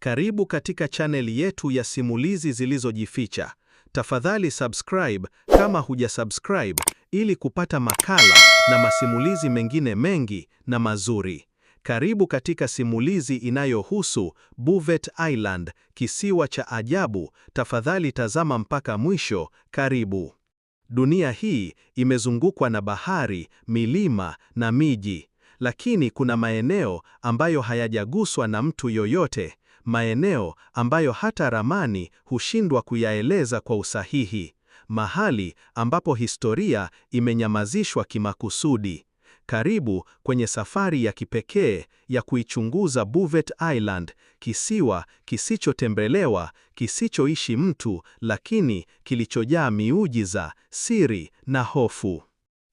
Karibu katika chaneli yetu ya simulizi zilizojificha. Tafadhali subscribe kama hujasubscribe ili kupata makala na masimulizi mengine mengi na mazuri. Karibu katika simulizi inayohusu Bovet Island, kisiwa cha ajabu. Tafadhali tazama mpaka mwisho. Karibu. Dunia hii imezungukwa na bahari, milima na miji, lakini kuna maeneo ambayo hayajaguswa na mtu yoyote maeneo ambayo hata ramani hushindwa kuyaeleza kwa usahihi, mahali ambapo historia imenyamazishwa kimakusudi. Karibu kwenye safari ya kipekee ya kuichunguza Bouvet Island, kisiwa kisichotembelewa, kisichoishi mtu, lakini kilichojaa miujiza, siri na hofu.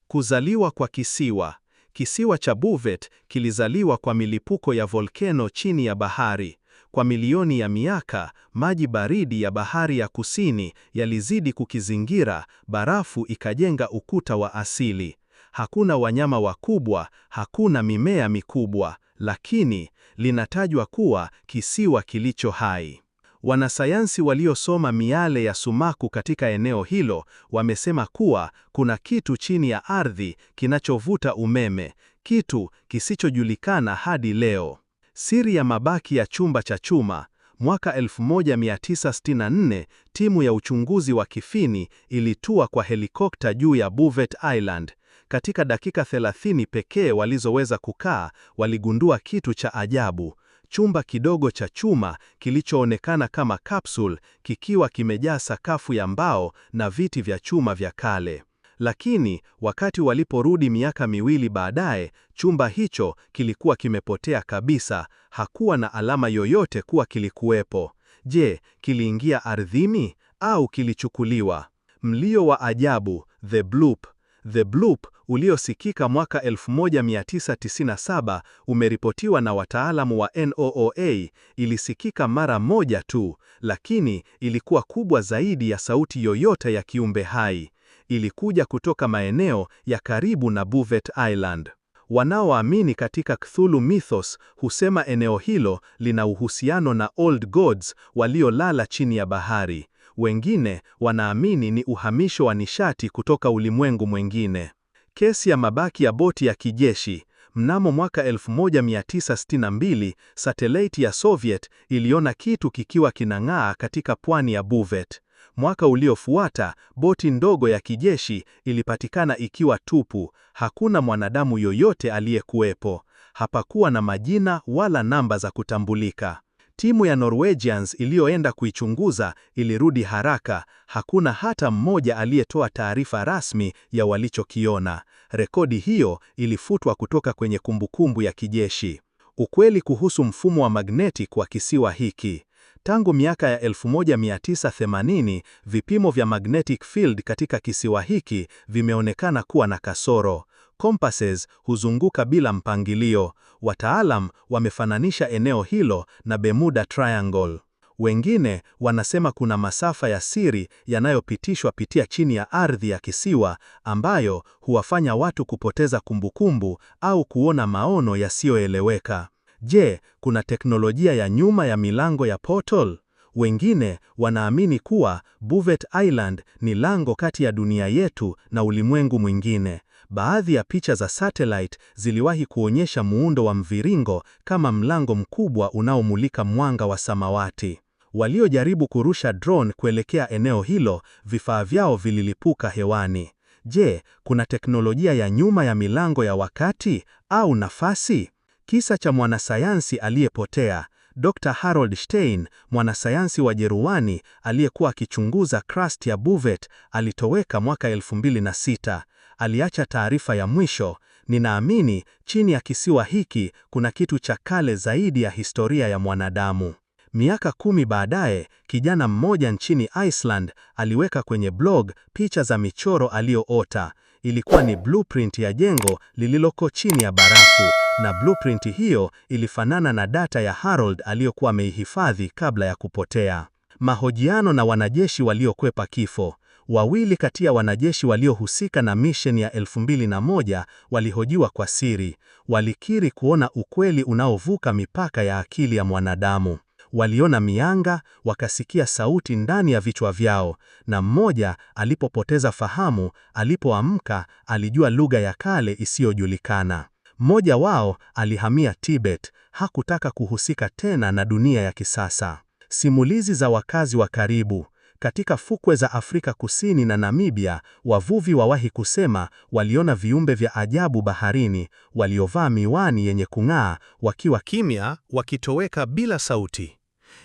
Kuzaliwa kwa kisiwa. Kisiwa cha Bouvet kilizaliwa kwa milipuko ya volkeno chini ya bahari. Kwa milioni ya miaka, maji baridi ya bahari ya kusini yalizidi kukizingira, barafu ikajenga ukuta wa asili. Hakuna wanyama wakubwa, hakuna mimea mikubwa, lakini linatajwa kuwa kisiwa kilicho hai. Wanasayansi waliosoma miale ya sumaku katika eneo hilo wamesema kuwa kuna kitu chini ya ardhi kinachovuta umeme, kitu kisichojulikana hadi leo. Siri ya mabaki ya chumba cha chuma. Mwaka 1964 timu ya uchunguzi wa kifini ilitua kwa helikopta juu ya Bouvet Island. Katika dakika 30 pekee walizoweza kukaa, waligundua kitu cha ajabu: chumba kidogo cha chuma kilichoonekana kama kapsul kikiwa kimejaa sakafu ya mbao na viti vya chuma vya kale lakini wakati waliporudi miaka miwili baadaye, chumba hicho kilikuwa kimepotea kabisa. Hakuwa na alama yoyote kuwa kilikuwepo. Je, kiliingia ardhini au kilichukuliwa? Mlio wa ajabu, the bloop. The bloop uliosikika mwaka 1997 umeripotiwa na wataalamu wa NOOA. Ilisikika mara moja tu, lakini ilikuwa kubwa zaidi ya sauti yoyote ya kiumbe hai ilikuja kutoka maeneo ya karibu na Bouvet Island. Wanaoamini katika Cthulhu Mythos husema eneo hilo lina uhusiano na Old Gods waliolala chini ya bahari. Wengine wanaamini ni uhamisho wa nishati kutoka ulimwengu mwingine. Kesi ya mabaki ya boti ya kijeshi. Mnamo mwaka 1962, satelaiti ya Soviet iliona kitu kikiwa kinang'aa katika pwani ya Bouvet. Mwaka uliofuata, boti ndogo ya kijeshi ilipatikana ikiwa tupu. Hakuna mwanadamu yoyote aliyekuwepo. Hapakuwa na majina wala namba za kutambulika. Timu ya Norwegians iliyoenda kuichunguza ilirudi haraka. Hakuna hata mmoja aliyetoa taarifa rasmi ya walichokiona. Rekodi hiyo ilifutwa kutoka kwenye kumbukumbu ya kijeshi. Ukweli kuhusu mfumo wa magnetic wa kisiwa hiki. Tangu miaka ya 1980, vipimo vya magnetic field katika kisiwa hiki vimeonekana kuwa na kasoro. Compasses huzunguka bila mpangilio. Wataalam wamefananisha eneo hilo na Bermuda Triangle. Wengine wanasema kuna masafa ya siri yanayopitishwa pitia chini ya ardhi ya kisiwa ambayo huwafanya watu kupoteza kumbukumbu au kuona maono yasiyoeleweka. Je, kuna teknolojia ya nyuma ya milango ya portal? Wengine wanaamini kuwa Bovet Island ni lango kati ya dunia yetu na ulimwengu mwingine. Baadhi ya picha za satellite ziliwahi kuonyesha muundo wa mviringo kama mlango mkubwa unaomulika mwanga wa samawati. Waliojaribu kurusha drone kuelekea eneo hilo, vifaa vyao vililipuka hewani. Je, kuna teknolojia ya nyuma ya milango ya wakati au nafasi? Kisa cha mwanasayansi aliyepotea. Dr. Harold Stein, mwanasayansi wa Jerumani aliyekuwa akichunguza crust ya buvet, alitoweka mwaka 2006. Aliacha taarifa ya mwisho, ninaamini chini ya kisiwa hiki kuna kitu cha kale zaidi ya historia ya mwanadamu. Miaka kumi baadaye, kijana mmoja nchini Iceland aliweka kwenye blog picha za michoro aliyoota ilikuwa ni blueprint ya jengo lililoko chini ya barafu, na blueprint hiyo ilifanana na data ya Harold aliyokuwa ameihifadhi kabla ya kupotea. Mahojiano na wanajeshi waliokwepa kifo. Wawili kati ya wanajeshi waliohusika na mission ya 2001 walihojiwa kwa siri. Walikiri kuona ukweli unaovuka mipaka ya akili ya mwanadamu. Waliona mianga, wakasikia sauti ndani ya vichwa vyao, na mmoja alipopoteza fahamu, alipoamka alijua lugha ya kale isiyojulikana. Mmoja wao alihamia Tibet, hakutaka kuhusika tena na dunia ya kisasa. Simulizi za wakazi wa karibu. Katika fukwe za Afrika Kusini na Namibia, wavuvi wawahi kusema waliona viumbe vya ajabu baharini, waliovaa miwani yenye kung'aa, wakiwa kimya, wakitoweka bila sauti.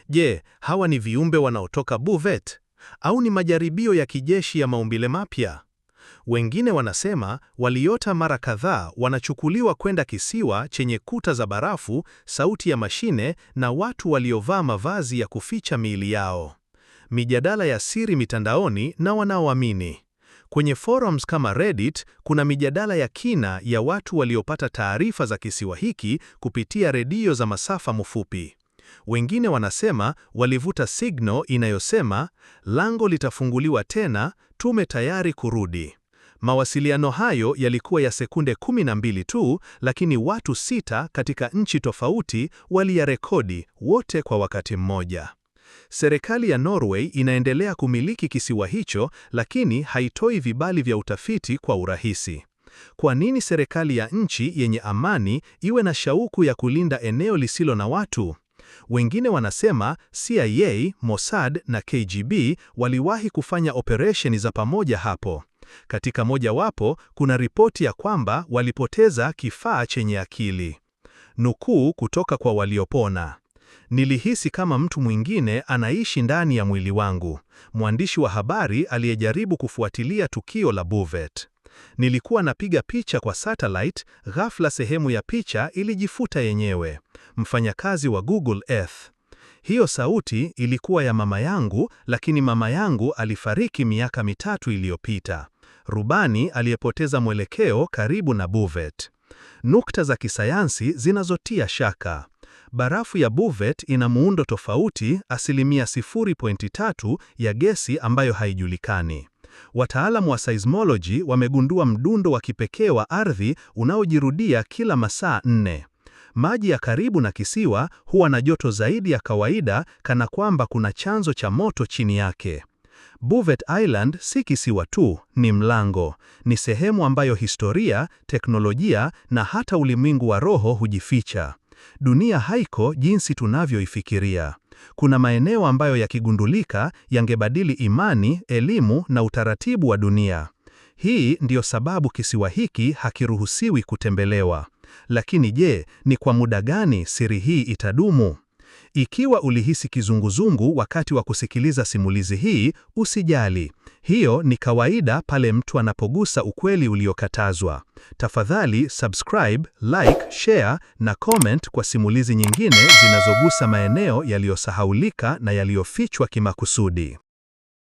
Je, hawa ni viumbe wanaotoka Buvet au ni majaribio ya kijeshi ya maumbile mapya? Wengine wanasema waliota mara kadhaa wanachukuliwa kwenda kisiwa chenye kuta za barafu, sauti ya mashine na watu waliovaa mavazi ya kuficha miili yao mijadala ya siri mitandaoni na wanaoamini. Kwenye forums kama Reddit kuna mijadala ya kina ya watu waliopata taarifa za kisiwa hiki kupitia redio za masafa mafupi. Wengine wanasema walivuta signal inayosema lango litafunguliwa tena, tume tayari kurudi. Mawasiliano hayo yalikuwa ya sekunde 12 tu, lakini watu sita katika nchi tofauti waliyarekodi wote kwa wakati mmoja. Serikali ya Norway inaendelea kumiliki kisiwa hicho, lakini haitoi vibali vya utafiti kwa urahisi. Kwa nini serikali ya nchi yenye amani iwe na shauku ya kulinda eneo lisilo na watu? Wengine wanasema CIA, Mossad na KGB waliwahi kufanya operesheni za pamoja hapo. Katika mojawapo kuna ripoti ya kwamba walipoteza kifaa chenye akili. Nukuu kutoka kwa waliopona. Nilihisi kama mtu mwingine anaishi ndani ya mwili wangu, mwandishi wa habari aliyejaribu kufuatilia tukio la buvet Nilikuwa napiga picha kwa satellite, ghafla sehemu ya picha ilijifuta yenyewe. Mfanyakazi wa Google Earth. Hiyo sauti ilikuwa ya mama yangu, lakini mama yangu alifariki miaka mitatu iliyopita. Rubani aliyepoteza mwelekeo karibu na Bovet. Nukta za kisayansi zinazotia shaka. Barafu ya buvet ina muundo tofauti, asilimia 0.3 ya gesi ambayo haijulikani. Wataalamu wa seismology wamegundua mdundo wa kipekee wa ardhi unaojirudia kila masaa nne. Maji ya karibu na kisiwa huwa na joto zaidi ya kawaida, kana kwamba kuna chanzo cha moto chini yake. buvet Island si kisiwa tu, ni mlango, ni sehemu ambayo historia, teknolojia na hata ulimwengu wa roho hujificha. Dunia haiko jinsi tunavyoifikiria. Kuna maeneo ambayo yakigundulika yangebadili imani, elimu na utaratibu wa dunia. Hii ndiyo sababu kisiwa hiki hakiruhusiwi kutembelewa. Lakini je, ni kwa muda gani siri hii itadumu? Ikiwa ulihisi kizunguzungu wakati wa kusikiliza simulizi hii, usijali. Hiyo ni kawaida pale mtu anapogusa ukweli uliokatazwa. Tafadhali subscribe, like, share na comment kwa simulizi nyingine zinazogusa maeneo yaliyosahaulika na yaliyofichwa kimakusudi.